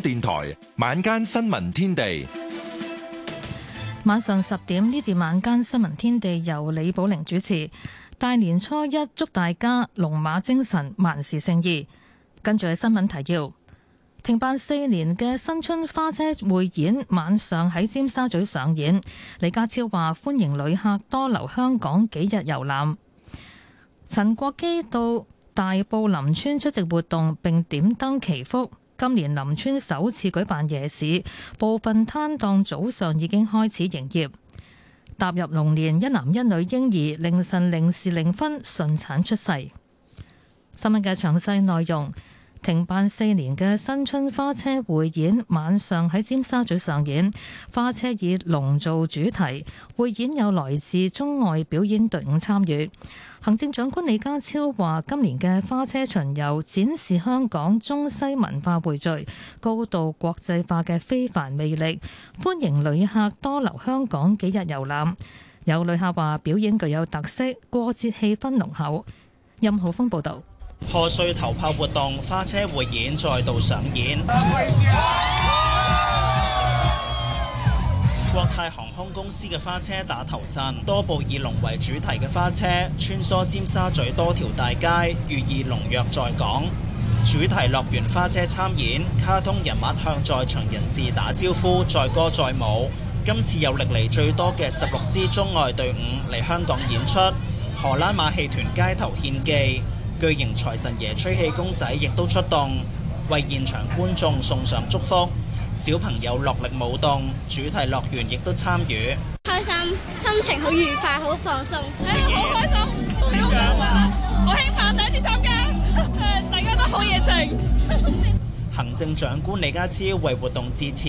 電台晚間新聞天地，晚上十點呢至晚間新聞天地由李寶玲主持。大年初一祝大家龍馬精神，萬事勝意。跟住係新聞提要：停辦四年嘅新春花車匯演晚上喺尖沙咀上演。李家超話歡迎旅客多留香港幾日遊覽。陳國基到大埔林村出席活動，並點燈祈福。今年林村首次舉辦夜市，部分攤檔早上已經開始營業。踏入龍年，一男一女嬰兒凌晨零時零分順產出世。新聞嘅詳細內容。停辦四年嘅新春花車匯演晚上喺尖沙咀上演，花車以龍做主題，匯演有來自中外表演隊伍參與。行政長官李家超話：今年嘅花車巡遊展示香港中西文化匯聚、高度國際化嘅非凡魅力，歡迎旅客多留香港幾日遊覽。有旅客話：表演具有特色，過節氣氛濃厚。任浩峰報導。賀歲頭炮活動花車匯演再度上演， 國泰航空公司嘅花車打頭陣，多部以龍為主題嘅花車穿梭尖沙咀多條大街，寓意龍躍在港。主題樂園花車參演，卡通人物向在場人士打招呼，載歌載舞。今次有歷嚟最多嘅十六支中外隊伍嚟香港演出，荷蘭馬戲團街頭獻技。巨型財神爺吹氣公仔亦都出動，為現場觀眾送上祝福。小朋友落力舞動，主題樂園亦都參與。開心，心情好愉快，好放鬆、哎，好開心，嗯、你好開心、啊。啊、我好興奮，第一次參加、啊，大家都好熱情。 行政長官李家超為活動致辭，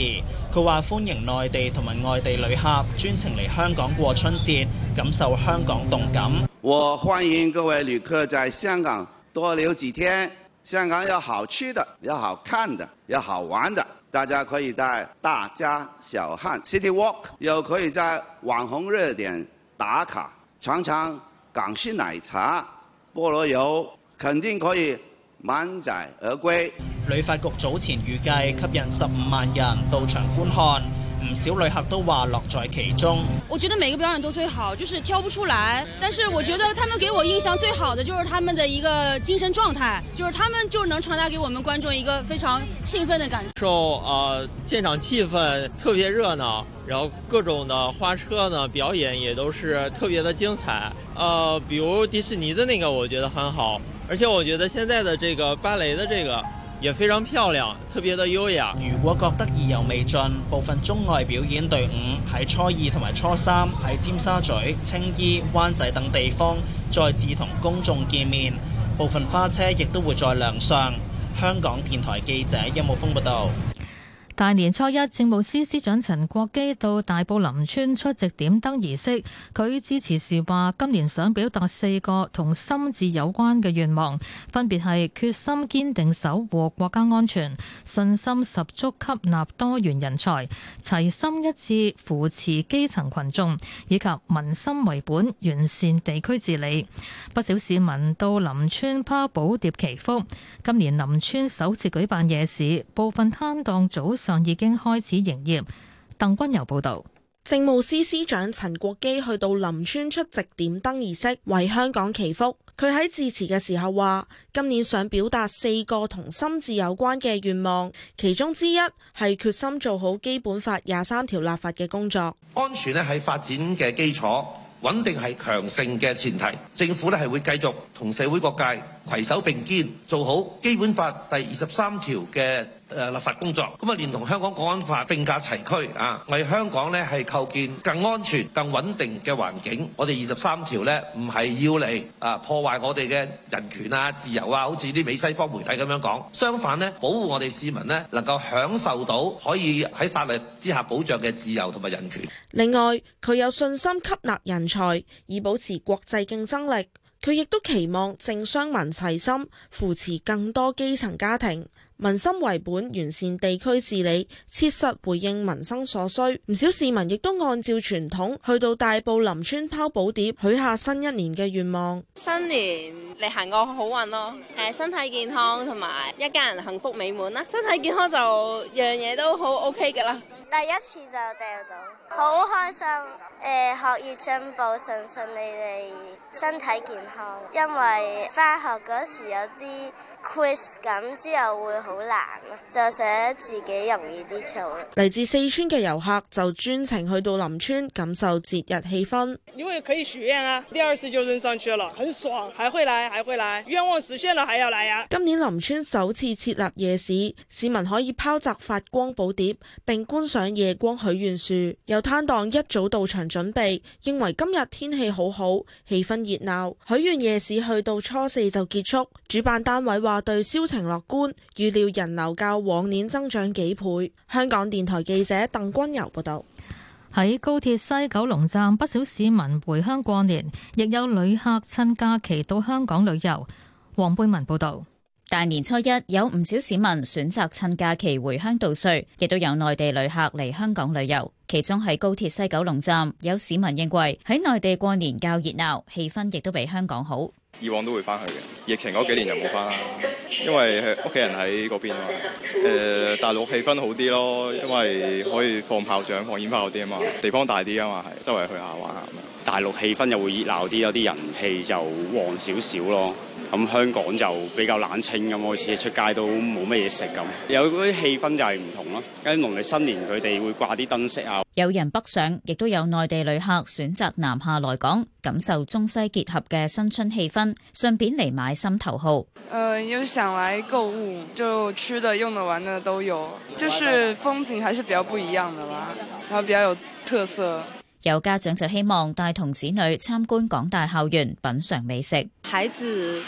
佢話歡迎內地同埋外地旅客專程嚟香港過春節，感受香港動感。我歡迎各位旅客在香港多留幾天，香港有好吃的、有好看的、有好玩的，大家可以帶大家小巷 City Walk，又可以在網紅熱點打卡，嘗嘗港式奶茶、菠蘿油，肯定可以。滿載而歸。旅發局早前預計，吸引十五萬人到場觀看，唔少旅客都話樂在其中。我覺得每個表演都最好，就是挑不出來。但是，我覺得他們給我印象最好的就是他們的一個精神狀態，就是他們就能傳達給我們觀眾一個非常興奮的感受。呃，現場氣氛特別熱鬧，然後各種的花車呢表演也都是特別的精彩。呃，比如迪士尼的那個，我覺得很好。而且我覺得現在的這個芭蕾的這個也非常漂亮，特別的優雅。如果覺得意猶未盡，部分中外表演隊伍喺初二同埋初三喺尖沙咀、青衣、灣仔等地方再次同公眾見面，部分花車亦都會再亮相。香港電台記者邱慕峰報道。大年初一，政務司司長陳國基到大埔林村出席點燈儀式。佢致辭時話今年想表達四個同心字有關嘅願望，分別係決心堅定守護國家安全、信心十足吸納多元人才、齊心一致扶持基層群眾、以及民心為本完善地區治理。不少市民到林村拋寶牒祈福。今年林村首次舉辦夜市，部分攤檔早。已經開始營業。鄧君柔報道，政務司司長陳國基去到林村出席點燈儀式，為香港祈福。佢喺致辭嘅時候話，今年想表達四個同心字有關嘅願望，其中之一係決心做好基本法廿三條立法嘅工作。安全咧係發展嘅基礎，穩定係強盛嘅前提。政府咧係會繼續同社會各界携手並肩，做好基本法第二十三條嘅誒立法工作咁啊，連同香港國安法並駕齊驅啊，為香港呢係構建更安全、更穩定嘅環境。我哋二十三條呢唔係要嚟啊破壞我哋嘅人權啊、自由啊，好似啲美西方媒體咁樣講。相反呢，保護我哋市民呢能夠享受到可以喺法律之下保障嘅自由同埋人權。另外，佢有信心吸納人才以保持國際競爭力。佢亦都期望政商民齊心扶持更多基層家庭。民心為本，完善地區治理，切實回應民生所需。唔少市民亦都按照傳統去到大埔林村拋寶碟，許下新一年嘅願望。新年你行過好運咯、呃！身體健康同埋一家人幸福美滿啦。身體健康就樣嘢都好 OK 嘅啦。第一次就掟到，好開心！誒、呃，學業進步，順順利利，身體健康。因為返學嗰時有啲 quiz 咁，之後會。好難，就寫自己容易啲做。嚟自四川嘅遊客就專程去到林村感受節日氣氛，因為可以許願啊！第二次就扔上去了，很爽，還會來，還會來，願望實現了還要來啊。今年林村首次設立夜市，市民可以拋擲發光寶碟，並觀賞夜光許願樹。有攤檔一早到場準備，認為今日天，天氣好好，氣氛熱鬧。許願夜市去到初四就結束，主辦單位話對銷情樂觀，預料。要人流較往年增長幾倍。香港電台記者鄧君游報道。喺高鐵西九龍站，不少市民回鄉過年，亦有旅客趁假期到香港旅遊。黃貝文報道，大年初一有唔少市民選擇趁假期回鄉度歲，亦都有內地旅客嚟香港旅遊。其中喺高鐵西九龍站，有市民認為喺內地過年較熱鬧，氣氛亦都比香港好。以往都會翻去嘅，疫情嗰幾年就冇翻啦，因為屋企人喺嗰邊啊嘛。誒、呃，大陸氣氛好啲咯，因為可以放炮仗、放煙炮啲啊嘛，地方大啲啊嘛，係周圍去下玩下。大陸氣氛又會熱鬧啲，有啲人氣就旺少少咯。咁香港就比較冷清咁，好似出街都冇乜嘢食咁，有啲氣氛就係唔同咯。喺農曆新年佢哋會掛啲燈飾啊。有人北上，亦都有內地旅客選擇南下來港，感受中西結合嘅新春氣氛，順便嚟買心頭好。誒、呃，有想嚟購物，就吃的、用的、玩的都有，就是風景還是比較不一樣的啦，然後比較有特色。有家長就希望帶同子女參觀港大校園，品嘗美食。孩子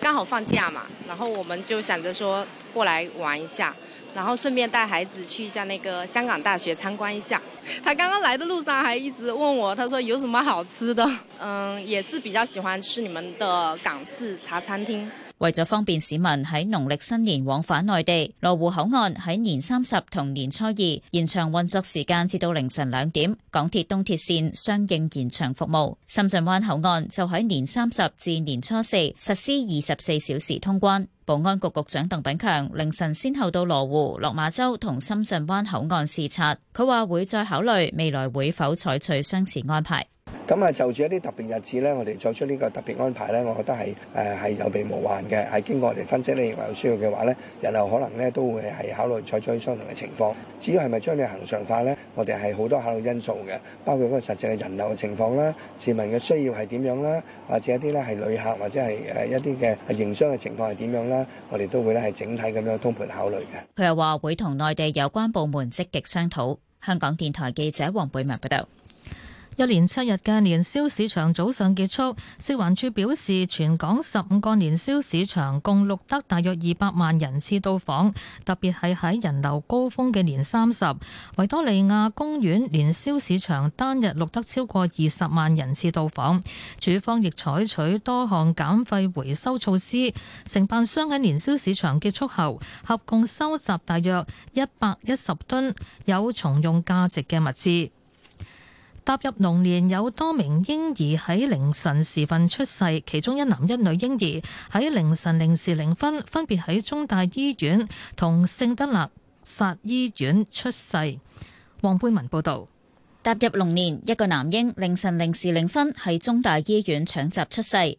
剛好放假嘛，然後我們就想着說過來玩一下，然後順便帶孩子去一下那個香港大學參觀一下。他剛剛來的路上還一直問我，他說有什麼好吃的？嗯，也是比較喜歡吃你們的港式茶餐廳。為咗方便市民喺農曆新年往返內地，羅湖口岸喺年三十同年初二延長運作時間至到凌晨兩點，港鐵東鐵綫相應延長服務。深圳灣口岸就喺年三十至年初四實施二十四小時通關。保安局局長鄧炳強凌晨先後到羅湖、落馬洲同深圳灣口岸視察，佢話會再考慮未來會否採取相似安排。咁啊，就住一啲特別日子咧，我哋作出呢個特別安排咧，我覺得係有備無患嘅，係經過我哋分析你認為有需要嘅話咧，人流可能咧都會係考慮採取相同嘅情況。至於係咪將你恆常化咧，我哋係好多考慮因素嘅，包括嗰個實際嘅人流嘅情況啦、市民嘅需要係點樣啦，或者一啲咧係旅客或者係一啲嘅營商嘅情況係點樣啦，我哋都會咧係整體咁樣通盤考慮嘅。佢又話會同內地有關部門積極商討。香港電台記者黃貝文報道。一連七日嘅年宵市場早上結束，食環署表示，全港十五個年宵市場共錄得大約二百萬人次到訪，特別係喺人流高峰嘅年三十，維多利亞公園年宵市場單日錄得超過二十萬人次到訪。主方亦採取多項減廢回收措施，承辦商喺年宵市場結束後，合共收集大約一百一十噸有重用價值嘅物資。踏入龍年，有多名嬰兒喺凌晨時分出世，其中一男一女嬰兒喺凌晨零時零分分別喺中大醫院同聖德肋撒醫院出世。黃貝文報道。踏入龍年，一個男嬰凌晨零時零分喺中大醫院搶閘出世。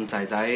仔仔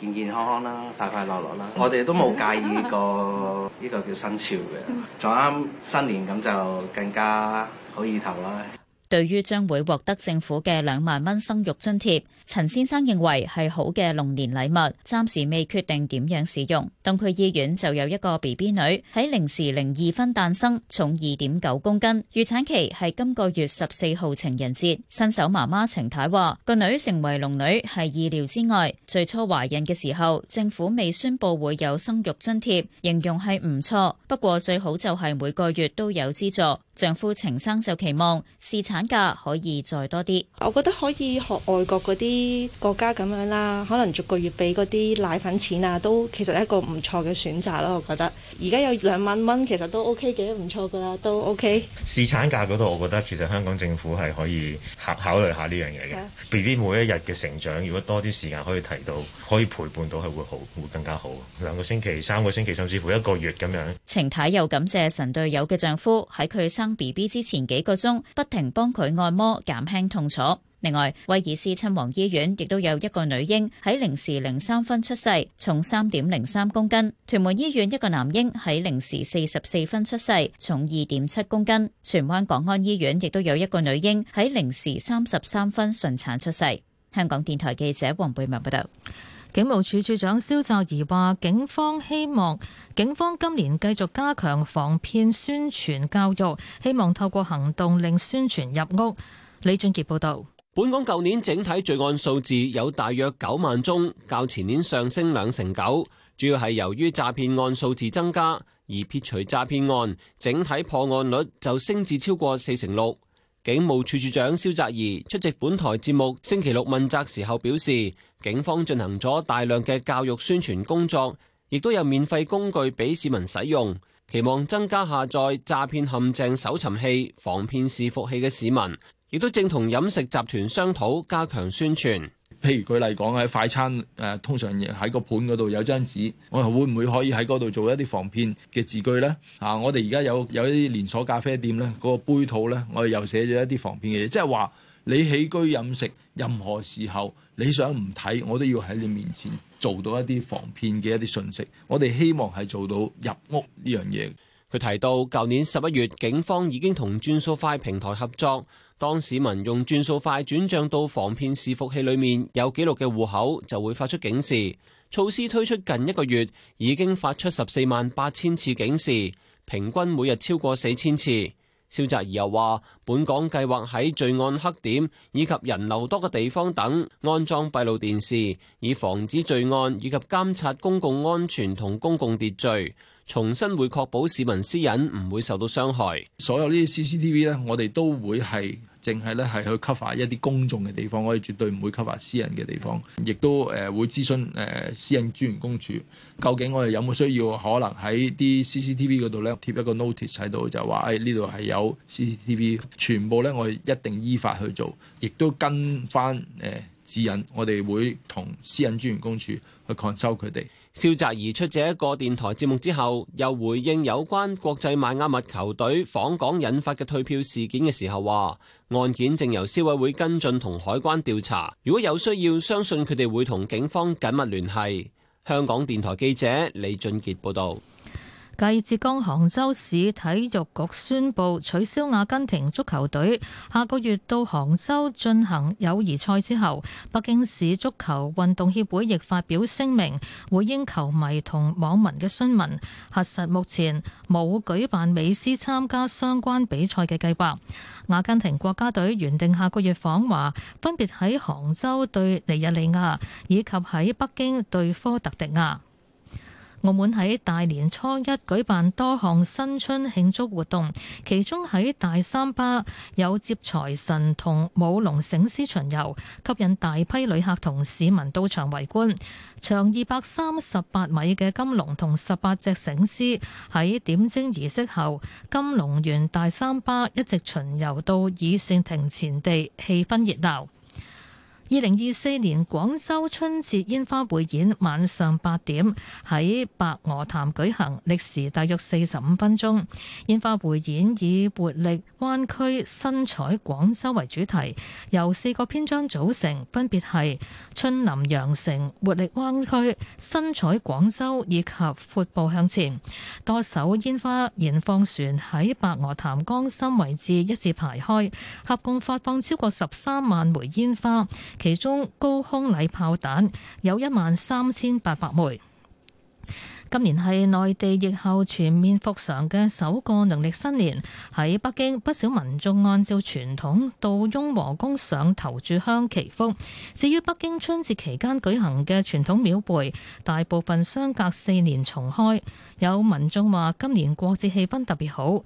健健康康啦，快快樂樂啦，我哋都冇介意過呢個叫生肖嘅，仲啱新年咁就更加好意頭啦。對於將會獲得政府嘅兩萬蚊生育津貼。陳先生認為係好嘅龍年禮物，暫時未決定點樣使用。東區醫院就有一個 BB 女喺零時零二分誕生，重二點九公斤，預產期係今個月十四號情人節。新手媽媽程太話：個女成為龍女係意料之外。最初懷孕嘅時候，政府未宣布會有生育津貼，形容係唔錯，不過最好就係每個月都有資助。丈夫程生就期望侍產假可以再多啲。我覺得可以學外國嗰啲國家咁樣啦，可能逐個月俾嗰啲奶粉錢啊，都其實一個唔錯嘅選擇咯。我覺得而家有兩萬蚊，其實都 OK 嘅，唔錯噶啦，都 OK。侍產假嗰度，我覺得其實香港政府係可以考考慮下呢樣嘢嘅。BB 每一日嘅成長，如果多啲時間可以提到，可以陪伴到，係會好，會更加好。兩個星期、三個星期，甚至乎一個月咁樣。程太又感謝神隊友嘅丈夫喺佢生 B B 之前幾個鐘不停幫佢按摩減輕痛楚。另外，威爾斯親王醫院亦都有一個女嬰喺零時零三分出世，重三點零三公斤；屯門醫院一個男嬰喺零時四十四分出世，重二點七公斤。荃灣港安醫院亦都有一個女嬰喺零時三十三分順產出世。香港電台記者黃貝文報道。警務處處長蕭澤頤話：警方希望警方今年繼續加強防騙宣傳教育，希望透過行動令宣傳入屋。李俊杰報道：本港舊年整體罪案數字有大約九萬宗，較前年上升兩成九，主要係由於詐騙案數字增加，而撇除詐騙案，整體破案率就升至超過四成六。警務處處長蕭澤頤出席本台節目星期六問責時候表示，警方進行咗大量嘅教育宣傳工作，亦都有免費工具俾市民使用，期望增加下載詐騙陷阱搜尋器、防騙視伺服器嘅市民。亦都正同飲食集團商討加強宣傳。譬如舉例講喺快餐，誒通常喺個盤嗰度有張紙，我哋會唔會可以喺嗰度做一啲防騙嘅字句呢？啊，我哋而家有有一啲連鎖咖啡店咧，個杯套咧，我哋又寫咗一啲防騙嘅嘢，即係話。你起居飲食，任何時候你想唔睇，我都要喺你面前做到一啲防騙嘅一啲信息。我哋希望係做到入屋呢樣嘢。佢提到，舊年十一月，警方已經同轉數快平台合作，當市民用轉數快轉賬到防騙伺服器裡面有記錄嘅戶口，就會發出警示。措施推出近一個月，已經發出十四萬八千次警示，平均每日超過四千次。蕭澤怡又話，本港計劃喺罪案黑點以及人流多嘅地方等安裝閉路電視，以防止罪案以及監察公共安全同公共秩序。重新會確保市民私隱唔會受到傷害。所有呢啲 CCTV 咧，我哋都會係淨係咧係去 cover 一啲公眾嘅地方，我哋絕對唔會 cover 私隱嘅地方。亦都誒、呃、會諮詢誒、呃、私隱專員公署，究竟我哋有冇需要可能喺啲 CCTV 嗰度咧貼一個 notice 喺度，就話誒呢度係有 CCTV，全部咧我哋一定依法去做，亦都跟翻誒指引，我哋會同私隱專員公署去 consult 佢哋。蕭澤怡出席一個電台節目之後，又回應有關國際邁阿密球隊訪港引發嘅退票事件嘅時候，話案件正由消委會跟進同海關調查，如果有需要，相信佢哋會同警方緊密聯繫。香港電台記者李俊傑報道。繼浙江杭州市體育局宣布取消阿根廷足球隊下個月到杭州進行友誼賽之後，北京市足球運動協會亦發表聲明，回應球迷同網民嘅詢問，核實目前冇舉辦美斯參加相關比賽嘅計劃。阿根廷國家隊原定下個月訪華，分別喺杭州對尼日利亞以及喺北京對科特迪瓦。澳門喺大年初一舉辦多項新春慶祝活動，其中喺大三巴有接財神同舞龍醒獅巡遊，吸引大批旅客同市民到場圍觀。長二百三十八米嘅金龍同十八隻醒獅喺點睛儀式後，金龍沿大三巴一直巡遊到議事亭前地，氣氛熱鬧。二零二四年廣州春節煙花匯演晚上八點喺白鵝潭舉行，歷時大約四十五分鐘。煙花匯演以活力灣區新彩廣州為主題，由四個篇章組成，分別係春臨羊城、活力灣區新彩廣州以及闊步向前。多艘煙花燃放船喺白鵝潭江心位置一字排開，合共發放超過十三萬枚煙花。其中高空禮炮彈有一萬三千八百枚。今年係內地疫後全面復常嘅首個農曆新年，喺北京不少民眾按照傳統到雍和宮上頭柱香祈福。至於北京春節期間舉行嘅傳統廟會，大部分相隔四年重開，有民眾話今年過節氣氛特別好，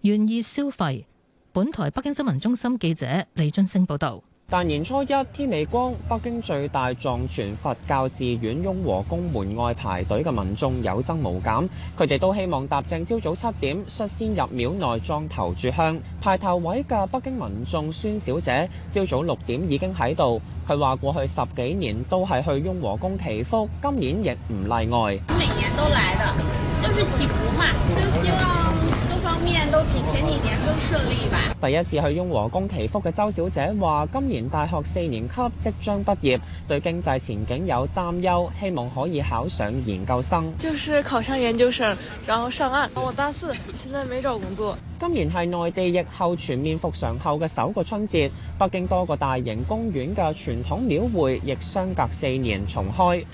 願意消費。本台北京新聞中心記者李津升報道。大年初一天未光，北京最大藏傳佛教寺院雍和宮門外排隊嘅民眾有增無減，佢哋都希望搭正朝早七點率先入廟內撞頭柱香。排頭位嘅北京民眾孫小姐，朝早六點已經喺度，佢話過去十幾年都係去雍和宮祈福，今年亦唔例外。我每年都來的，就是祈福嘛，就是希望。面都比前幾年更順利吧。第一次去雍和宮祈福嘅周小姐話，今年大學四年級即將畢業，對經濟前景有擔憂，希望可以考上研究生。就是考上研究生，然後上岸。 我大四，現在沒找工作。今年係內地疫後全面復常後嘅首個春節，北京多個大型公園嘅傳統廟會亦相隔四年重開。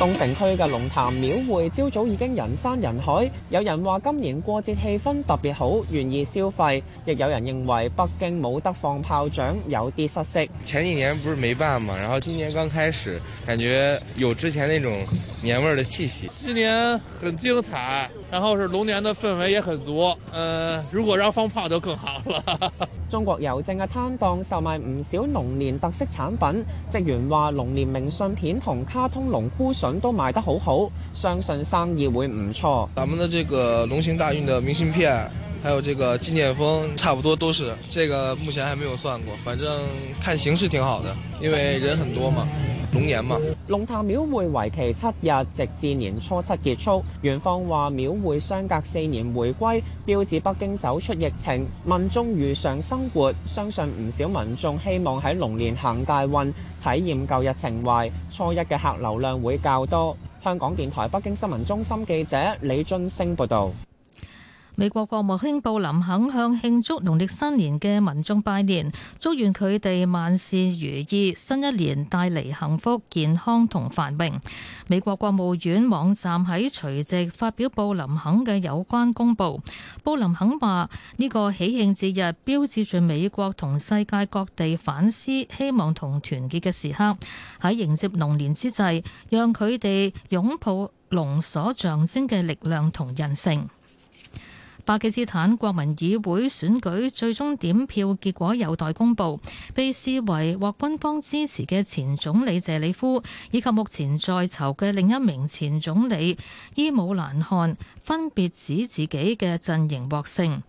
東城區嘅龍潭廟，廟會朝早已經人山人海，有人話今年過節氣氛特別好，願意消費；亦有人認為北京冇得放炮仗，有啲失色。前幾年不是沒辦嘛，然後今年剛開始，感覺有之前那種。年味的氣息，新年很精彩，然後是龍年的氛圍也很足。呃，如果讓放炮就更好了。 中國郵政嘅攤檔售賣唔少龍年特色產品，職員話龍年明信片同卡通龍菇笋都賣得好好，相信生意會唔錯。咱們的這個龍行大運的明信片。還有這個紀念峰，差不多都是。這個目前還沒有算過，反正看形勢挺好的，因為人很多嘛，龍年嘛。龍潭廟會為期七日，直至年初七結束。元方話廟會相隔四年回歸，標誌北京走出疫情，民眾如常生活。相信唔少民眾希望喺龍年行大運，體驗舊日情懷。初一嘅客流量會較多。香港電台北京新聞中心記者李俊升報道。美國國務卿布林肯向慶祝農曆新年嘅民眾拜年，祝願佢哋萬事如意，新一年帶嚟幸福、健康同繁榮。美國國務院網站喺除夕發表布林肯嘅有關公布。布林肯話：呢個喜慶節日標誌住美國同世界各地反思、希望同團結嘅時刻，喺迎接龍年之際，讓佢哋擁抱龍所象徵嘅力量同人性。巴基斯坦國民議會選舉最終點票結果有待公佈，被視為獲軍方支持嘅前總理謝利夫以及目前在囚嘅另一名前總理伊姆蘭汗分別指自己嘅陣營獲勝。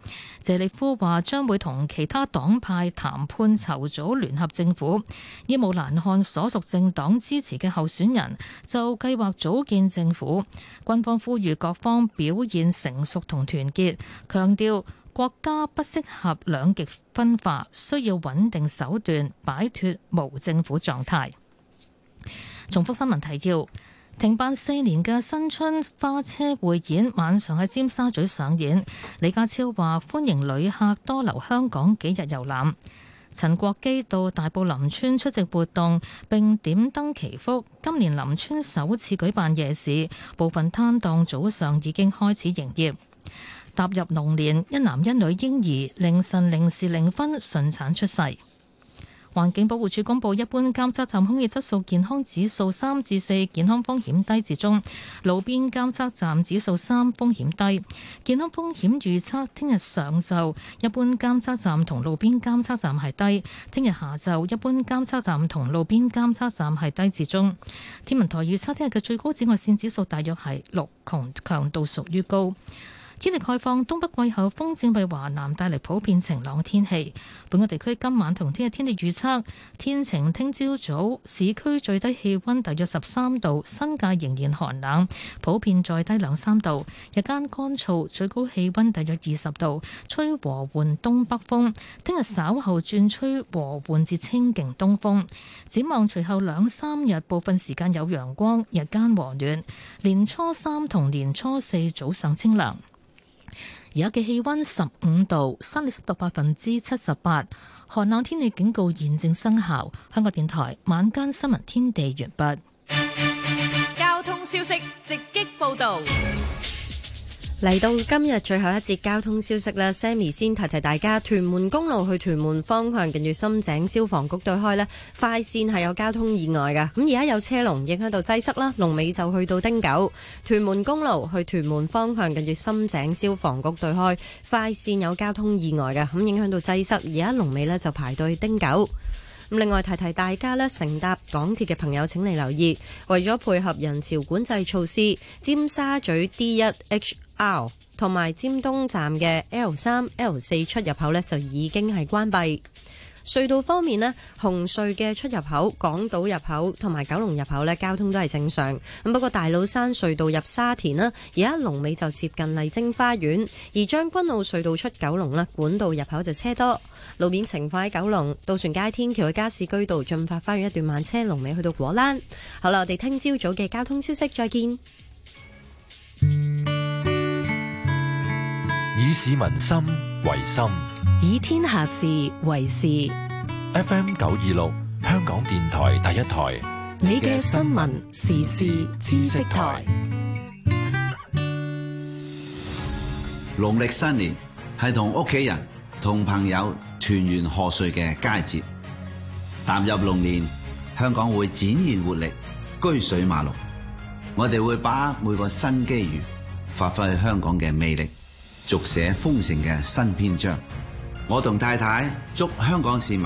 謝利夫話將會同其他黨派談判籌組，組聯合政府，伊姆蘭汗所屬政黨支持嘅候選人就計劃組建政府。軍方呼籲各方表現成熟同團結。強調國家不適合兩極分化，需要穩定手段擺脱無政府狀態。重複新聞提要：停辦四年嘅新春花車匯演晚上喺尖沙咀上演。李家超話歡迎旅客多留香港幾日遊覽。陳國基到大埔林村出席活動並點燈祈福。今年林村首次舉辦夜市，部分攤檔早上已經開始營業。踏入龍年，一男一女嬰兒凌晨零時零分順產出世。環境保護署公布，一般監測站空氣質素健康指數三至四，健康風險低至中；路邊監測站指數三，風險低。健康風險預測，聽日上晝一般監測站同路邊監測站係低，聽日下晝一般監測站同路邊監測站係低至中。天文台預測聽日嘅最高紫外線指數大約係六，強，強度屬於高。天氣概況，東北季候風正為華南帶嚟普遍晴朗天氣。本個地區今晚同聽日天氣預測天晴，聽朝早市區最低氣溫大約十三度，新界仍然寒冷，普遍再低兩三度。日間乾燥，最高氣溫大約二十度，吹和緩東北風。聽日稍後轉吹和緩至清勁東風。展望隨後兩三日，部分時間有陽光，日間和暖。年初三同年初四早上清涼。而家嘅氣溫十五度，相對濕度百分之七十八，寒冷天氣警告現正生效。香港電台晚間新聞天地完畢。交通消息直擊報道。嚟到今日最後一節交通消息咧，Sammy 先提提大家，屯門公路去屯門方向，近住深井消防局對開呢快線係有交通意外嘅，咁而家有車龍影響到擠塞啦，龍尾就去到丁九。屯門公路去屯門方向，近住深井消防局對開快線有交通意外嘅，咁影響到擠塞，而家龍尾呢就排隊丁九。咁另外提提大家咧，乘搭港鐵嘅朋友請你留意，為咗配合人潮管制措施，尖沙咀 D 一 HR 同埋尖東站嘅 L 三、L 四出入口咧就已經係關閉。隧道方面咧，紅隧嘅出入口、港島入口同埋九龍入口咧，交通都係正常。咁不過大老山隧道入沙田啦，而家龍尾就接近麗晶花園；而將軍澳隧道出九龍管道入口就車多。路面情況喺九龍渡船街天橋嘅加士居道進發花園一段慢車，龍尾去到果欄。好啦，我哋聽朝早嘅交通消息，再見。以市民心為心。以天下事為事。F. M. 九二六香港電台第一台，你嘅新聞時事知識台。農曆新年係同屋企人、同朋友團圓賀歲嘅佳節。踏入龍年，香港會展現活力，車水馬龍。我哋會把每個新機遇發揮香港嘅魅力，續寫豐盛嘅新篇章。我同太太祝香港市民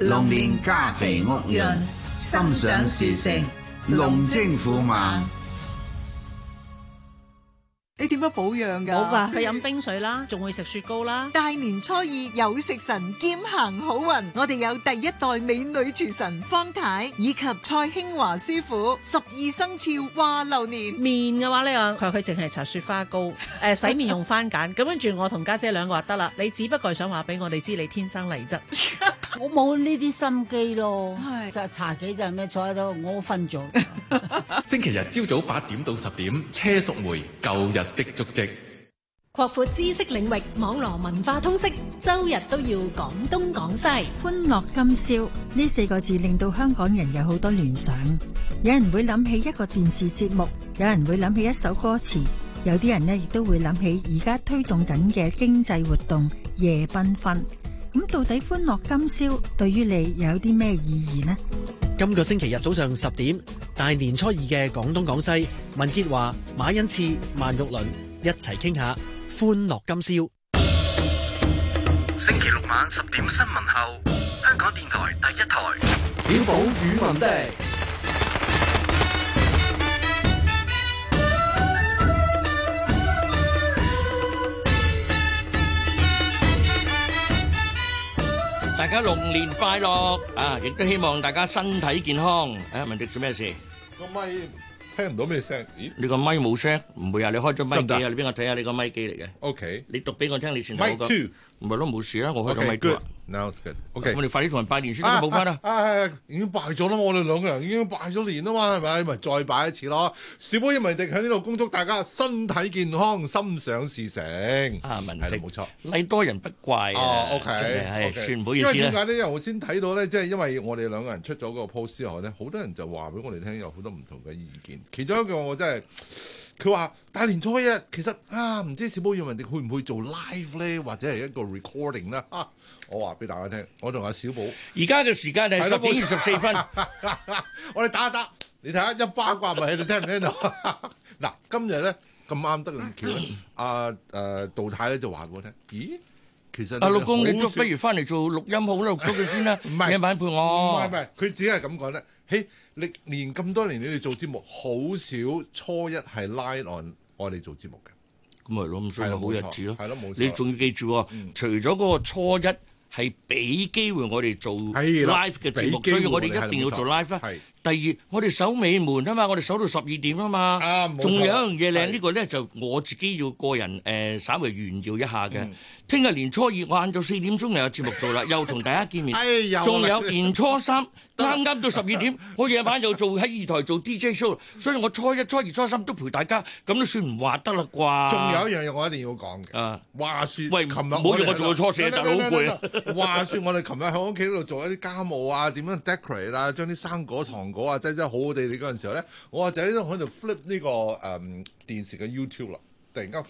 龍年家肥屋潤，心想事成，龍精虎猛。你點樣保養噶？冇噶，佢飲冰水啦，仲會食雪糕啦。大年初二有食神兼行好運，我哋有第一代美女廚神方太以及蔡興華師傅。十二生肖話流年面嘅話呢？佢話佢淨係搽雪花膏，誒 洗面用番梘。咁跟住我同家姐兩個話得啦，你只不過想話俾我哋知你天生麗質。 我冇呢啲心機咯，就茶几就咩坐喺度，我瞓咗。星期日朝早八點到十點，車淑梅舊日的足跡，擴闊知識領域，網羅文化通識，週日都要講東講西，歡樂今宵呢四個字令到香港人有好多聯想，有人會諗起一個電視節目，有人會諗起一首歌詞，有啲人呢亦都會諗起而家推動緊嘅經濟活動夜繽紛。咁到底歡樂今宵對於你有啲咩意義呢？今個星期日早上十點，大年初二嘅廣東廣西，文潔華、馬恩賜、萬玉倫一齊傾下歡樂今宵。星期六晚十點新聞後，香港電台第一台，小寶與文迪。大家龍年快樂啊！亦都希望大家身體健康。誒、啊，文迪做咩事？個咪？聽唔到咩聲？咦，你個咪冇聲？唔會啊，你開咗咪機啊？俾我睇下，你個咪機嚟嘅。OK，你讀俾我聽你前頭嘅。ice two，咯，冇事啊，我開咗咪機 Okay, good.、啊。Now good. OK，我哋快啲同人拜年先都冇翻啦。已經拜咗啦，我哋兩個人已經拜咗年啦嘛，係咪？咪再拜一次咯。小寶葉文迪喺呢度恭祝大家身體健康，心想事成。啊，文迪，冇錯，禮多人不怪、啊。哦 o、okay, 且 k okay. 算唔好意思。因為點解呢？呢就是、因為我先睇到咧，即係因為我哋兩個人出咗個 post 之後咧，好多人就話俾我哋聽，有好多唔同嘅意見。其中一句我真係。佢話：大年初一其實啊，唔知小寶要人哋會唔會做 live 咧，或者係一個 recording 啦。我話俾大家聽，我同阿小寶。而家嘅時間係十點二十四分，我哋打一打，你睇下一包掛咪喺度聽唔聽到？嗱，今日咧咁啱得咁橋，阿誒杜太咧就話我聽，咦，其實阿、啊、老公你不如翻嚟做錄音好啦，錄咗佢先啦、啊，夜 是晚陪我。唔係唔係，佢只係咁講咧。嘿。你連咁多年你哋做節目，好少初一係 live on 我哋做節目嘅。咁咪咯，咁所以好日子咯。係咯，冇錯。你仲要記住喎，嗯、除咗嗰個初一係俾機會我哋做 live 嘅節目，的所以我哋一定要做 live 啦。係。第二，我哋守尾門啊嘛，我哋守到十二點啊嘛，仲有一樣嘢靚呢個咧，就我自己要個人誒稍微炫耀一下嘅。聽日年初二，我晏晝四點鐘又有節目做啦，又同大家見面，仲有年初三啱啱到十二點，我夜晚又做喺二台做 DJ show，所以我初一、初二、初三都陪大家，咁都算唔話得啦啩。仲有一樣嘢我一定要講嘅，話説喂，琴日冇嘢我做到初四，但係好攰。話説我哋琴日喺屋企度做一啲家務啊，點樣 decorate 啊，將啲生果糖。我話真真好好哋，哋嗰陣時候咧，我話就喺度喺度 flip 呢個誒電視嘅 YouTube 啦，突然間。